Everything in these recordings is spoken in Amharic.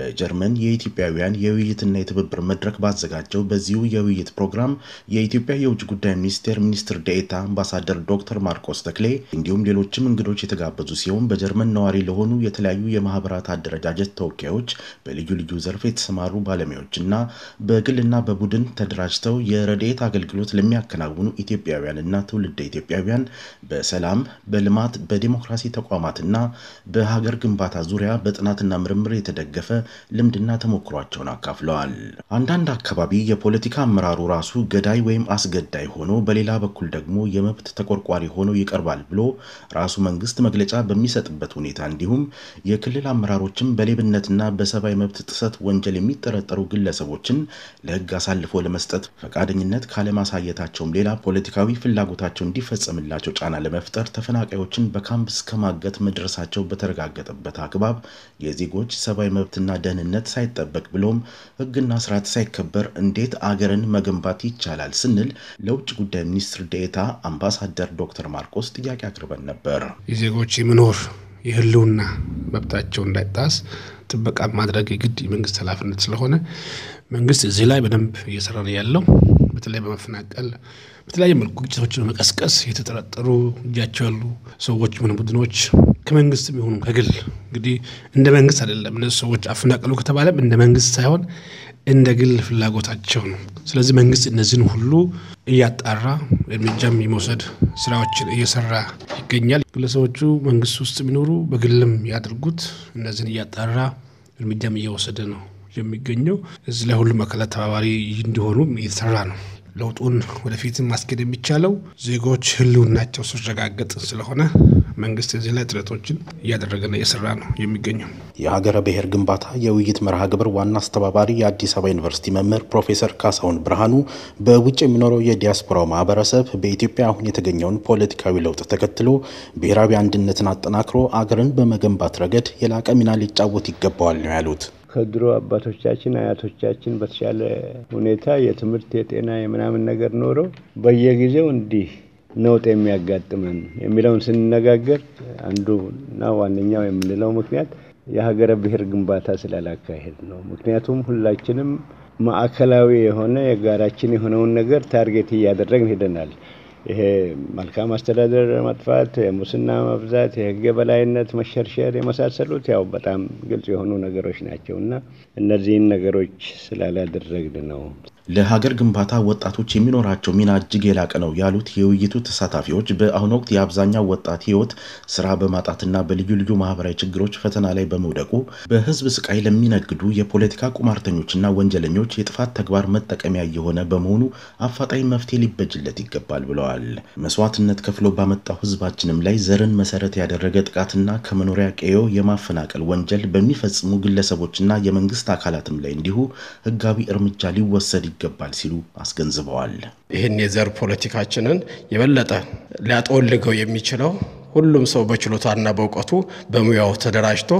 በጀርመን የኢትዮጵያውያን የውይይትና የትብብር መድረክ ባዘጋጀው በዚሁ የውይይት ፕሮግራም የኢትዮጵያ የውጭ ጉዳይ ሚኒስቴር ሚኒስትር ዴኤታ አምባሳደር ዶክተር ማርቆስ ተክሌ እንዲሁም ሌሎችም እንግዶች የተጋበዙ ሲሆን በጀርመን ነዋሪ ለሆኑ የተለያዩ የማህበራት አደረጃጀት ተወካዮች፣ በልዩ ልዩ ዘርፍ የተሰማሩ ባለሙያዎችና በግልና በቡድን ተደራጅተው የረድኤት አገልግሎት ለሚያከናውኑ ኢትዮጵያውያንና ትውልደ ኢትዮጵያውያን በሰላም በልማት በዲሞክራሲ ተቋማትና በሀገር ግንባታ ዙሪያ በጥናትና ምርምር የተደገፈ ልምድና ተሞክሯቸውን አካፍለዋል። አንዳንድ አካባቢ የፖለቲካ አመራሩ ራሱ ገዳይ ወይም አስገዳይ ሆኖ፣ በሌላ በኩል ደግሞ የመብት ተቆርቋሪ ሆኖ ይቀርባል ብሎ ራሱ መንግስት መግለጫ በሚሰጥበት ሁኔታ እንዲሁም የክልል አመራሮችን በሌብነትና በሰብአዊ መብት ጥሰት ወንጀል የሚጠረጠሩ ግለሰቦችን ለህግ አሳልፎ ለመስጠት ፈቃደኝነት ካለማሳየታቸውም ሌላ ፖለቲካዊ ፍላጎታቸው እንዲፈጸምላቸው ጫና ለመፍጠር ተፈናቃዮችን በካምፕ እስከ ማገት መድረሳቸው በተረጋገጠበት አግባብ የዜጎች ሰብአዊ መብትና ደህንነት ሳይጠበቅ ብሎም ህግና ስርዓት ሳይከበር እንዴት አገርን መገንባት ይቻላል ስንል ለውጭ ጉዳይ ሚኒስትር ዴኤታ አምባሳደር ዶክተር ማርቆስ ጥያቄ አቅርበን ነበር። የዜጎች የመኖር የህልውና መብታቸው እንዳይጣስ ጥበቃ ማድረግ የግድ የመንግስት ኃላፊነት ስለሆነ መንግስት እዚህ ላይ በደንብ እየሰራ ነው ያለው። በተለይ በመፈናቀል በተለያየ መልኩ ግጭቶችን በመቀስቀስ የተጠረጠሩ እጃቸው ያሉ ሰዎች ምን ቡድኖች ከመንግስት ቢሆኑ ከግል እንግዲህ እንደ መንግስት አይደለም እነዚህ ሰዎች አፈናቀሉ ከተባለም እንደ መንግስት ሳይሆን እንደ ግል ፍላጎታቸው ነው። ስለዚህ መንግስት እነዚህን ሁሉ እያጣራ እርምጃም የመውሰድ ስራዎችን እየሰራ ይገኛል። ግለሰቦቹ መንግስት ውስጥ የሚኖሩ በግልም ያድርጉት እነዚህን እያጣራ እርምጃም እየወሰደ ነው የሚገኘው። እዚህ ላይ ሁሉም አካላት ተባባሪ እንዲሆኑ እየተሰራ ነው። ለውጡን ወደፊትም ማስኬድ የሚቻለው ዜጎች ህልውናቸው ሲረጋገጥ ስለሆነ መንግስት እዚህ ላይ ጥረቶችን እያደረገና እየሰራ ነው የሚገኘው። የሀገረ ብሔር ግንባታ የውይይት መርሃ ግብር ዋና አስተባባሪ የአዲስ አበባ ዩኒቨርሲቲ መምህር ፕሮፌሰር ካሳሁን ብርሃኑ በውጭ የሚኖረው የዲያስፖራው ማህበረሰብ በኢትዮጵያ አሁን የተገኘውን ፖለቲካዊ ለውጥ ተከትሎ ብሔራዊ አንድነትን አጠናክሮ አገርን በመገንባት ረገድ የላቀ ሚና ሊጫወት ይገባዋል ነው ያሉት። ከድሮ አባቶቻችን አያቶቻችን በተሻለ ሁኔታ የትምህርት የጤና የምናምን ነገር ኖረው በየጊዜው እንዲህ ነውጥ የሚያጋጥመን የሚለውን ስንነጋገር አንዱና ዋነኛው የምንለው ምክንያት የሀገረ ብሔር ግንባታ ስላላካሄድ ነው። ምክንያቱም ሁላችንም ማዕከላዊ የሆነ የጋራችን የሆነውን ነገር ታርጌት እያደረግን ሄደናል። ይሄ መልካም አስተዳደር መጥፋት፣ የሙስና መብዛት፣ የህግ የበላይነት መሸርሸር የመሳሰሉት ያው በጣም ግልጽ የሆኑ ነገሮች ናቸው እና እነዚህን ነገሮች ስላላደረግን ነው ለሀገር ግንባታ ወጣቶች የሚኖራቸው ሚና እጅግ የላቀ ነው ያሉት የውይይቱ ተሳታፊዎች በአሁኑ ወቅት የአብዛኛው ወጣት ህይወት ስራ በማጣትና በልዩ ልዩ ማህበራዊ ችግሮች ፈተና ላይ በመውደቁ በህዝብ ስቃይ ለሚነግዱ የፖለቲካ ቁማርተኞችና ወንጀለኞች የጥፋት ተግባር መጠቀሚያ እየሆነ በመሆኑ አፋጣኝ መፍትሄ ሊበጅለት ይገባል ብለዋል። መስዋዕትነት ከፍሎ ባመጣው ህዝባችንም ላይ ዘርን መሰረት ያደረገ ጥቃትና ከመኖሪያ ቀዬው የማፈናቀል ወንጀል በሚፈጽሙ ግለሰቦችና የመንግስት አካላትም ላይ እንዲሁ ህጋዊ እርምጃ ሊወሰድ ይገባል ሲሉ አስገንዝበዋል። ይህን የዘር ፖለቲካችንን የበለጠ ሊያጠወልገው የሚችለው ሁሉም ሰው በችሎታና በእውቀቱ በሙያው ተደራጅቶ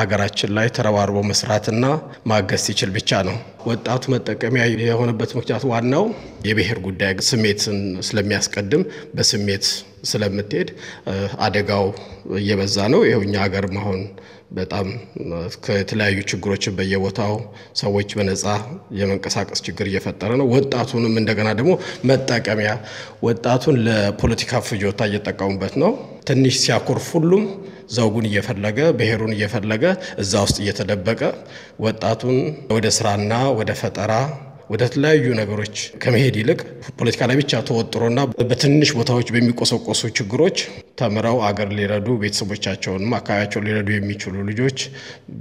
አገራችን ላይ ተረባርቦ መስራትና ማገዝ ሲችል ብቻ ነው። ወጣቱ መጠቀሚያ የሆነበት ምክንያት ዋናው የብሔር ጉዳይ ስሜትን ስለሚያስቀድም በስሜት ስለምትሄድ አደጋው እየበዛ ነው። ይኸው እኛ ሀገር መሆን በጣም ከተለያዩ ችግሮችን በየቦታው ሰዎች በነፃ የመንቀሳቀስ ችግር እየፈጠረ ነው። ወጣቱንም እንደገና ደግሞ መጠቀሚያ ወጣቱን ለፖለቲካ ፍጆታ እየጠቀሙበት ነው። ትንሽ ሲያኮርፍ ሁሉም ዘውጉን እየፈለገ ብሔሩን እየፈለገ እዛ ውስጥ እየተደበቀ ወጣቱን ወደ ስራና ወደ ፈጠራ ወደ ተለያዩ ነገሮች ከመሄድ ይልቅ ፖለቲካ ላይ ብቻ ተወጥሮና በትንሽ ቦታዎች በሚቆሰቆሱ ችግሮች ተምረው አገር ሊረዱ ቤተሰቦቻቸውንም አካባቢያቸውን ሊረዱ የሚችሉ ልጆች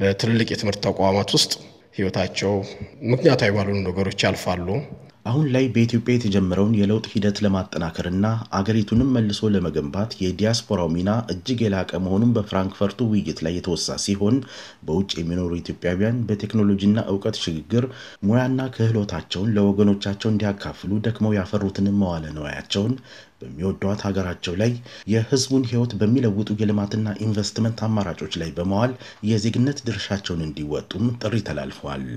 በትልልቅ የትምህርት ተቋማት ውስጥ ህይወታቸው ምክንያታዊ ባልሆኑ ነገሮች ያልፋሉ። አሁን ላይ በኢትዮጵያ የተጀመረውን የለውጥ ሂደት ለማጠናከርና አገሪቱንም መልሶ ለመገንባት የዲያስፖራው ሚና እጅግ የላቀ መሆኑን በፍራንክፈርቱ ውይይት ላይ የተወሳ ሲሆን በውጭ የሚኖሩ ኢትዮጵያውያን በቴክኖሎጂና እውቀት ሽግግር ሙያና ክህሎታቸውን ለወገኖቻቸው እንዲያካፍሉ ደክመው ያፈሩትንም መዋለ ነዋያቸውን በሚወዷት ሀገራቸው ላይ የሕዝቡን ሕይወት በሚለውጡ የልማትና ኢንቨስትመንት አማራጮች ላይ በመዋል የዜግነት ድርሻቸውን እንዲወጡም ጥሪ ተላልፏል።